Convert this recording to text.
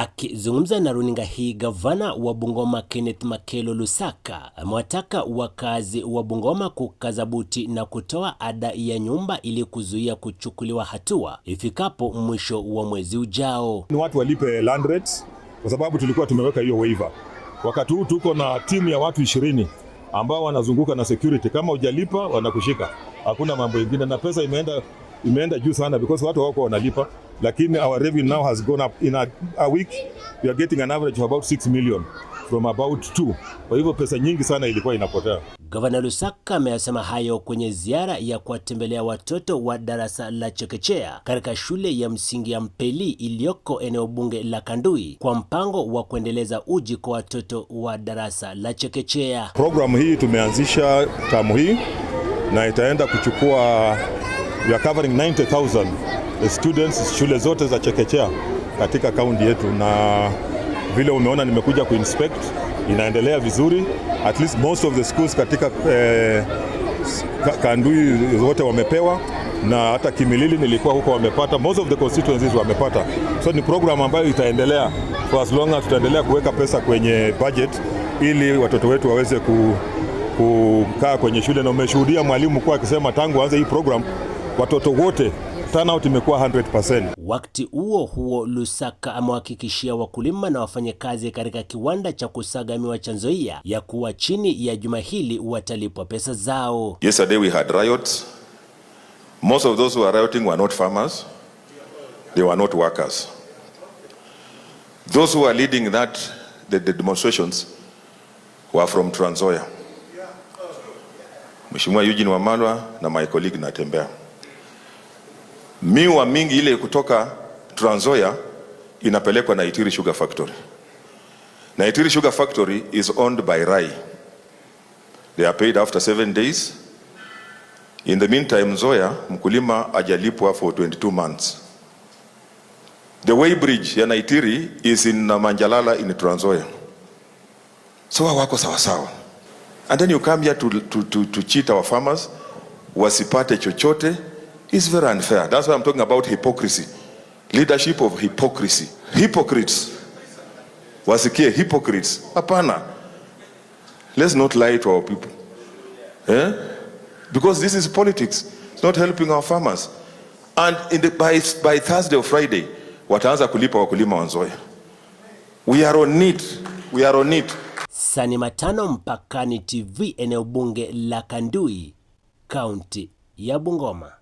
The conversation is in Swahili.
Akizungumza na runinga hii, gavana wa Bungoma Kenneth Makelo Lusaka amewataka wakazi wa Bungoma kukaza buti na kutoa ada ya nyumba ili kuzuia kuchukuliwa hatua ifikapo mwisho wa mwezi ujao. Ni watu walipe land rates, kwa sababu tulikuwa tumeweka hiyo waiver. Wakati huu tuko na timu ya watu ishirini ambao wanazunguka na security. Kama hujalipa wanakushika, hakuna mambo mengine, na pesa imeenda, imeenda juu sana because watu wako wanalipa lakini our revenue now has gone up in a, a week we are getting an average of about 6 million from about 2. Kwa hivyo pesa nyingi sana ilikuwa inapotea. Gavana Lusaka ameyasema hayo kwenye ziara ya kuwatembelea watoto wa darasa la chekechea katika shule ya msingi ya Mpeli iliyoko eneo bunge la Kandui kwa mpango wa kuendeleza uji kwa watoto wa darasa la chekechea. Programu hii tumeanzisha tamu hii na itaenda kuchukua we are covering 90000 students shule zote za chekechea katika kaunti yetu, na vile umeona nimekuja kuinspect, inaendelea vizuri, at least most of the schools katika eh, Kandui zote wamepewa na hata Kimilili nilikuwa huko, wamepata most of the constituencies wamepata. So ni program ambayo itaendelea for as long as tutaendelea kuweka pesa kwenye budget ili watoto wetu waweze ku, kukaa kwenye shule, na umeshuhudia mwalimu kuwa akisema tangu aanze hii program watoto wote turnout imekuwa 100%. Wakati huo huo, Lusaka amewahakikishia wakulima na wafanyakazi katika kiwanda cha kusaga miwa cha Nzoia ya kuwa chini ya juma hili watalipwa pesa zao. Yesterday we had riots. Most of those who are rioting were not farmers. They were not workers. Those who are leading that the, the demonstrations were from Trans Nzoia. Mheshimiwa Eugene Wamalwa na my colleague Natembeya miwa mingi ile kutoka Trans Nzoia inapelekwa Naitiri Sugar Factory. Naitiri Sugar Factory is owned by Rai. They are paid after seven days. In the meantime, Nzoia mkulima ajalipwa for 22 months. The way bridge ya Naitiri is in Manjalala in Trans Nzoia. So wako sawa sawa. And then you come here to, to, to, to cheat our farmers wasipate chochote It's very unfair. That's why I'm talking about hypocrisy. Leadership of hypocrisy. Hypocrites. Wasikie hypocrites. Hapana. Let's not lie to our people. Eh? Because this is politics. It's not helping our farmers. And in the, by, by Thursday or Friday, wataanza kulipa wakulima wa Nzoia. We are on it. We are on it. Sani Matano, Mpakani TV, eneo bunge la Kandui, kaunti ya Bungoma.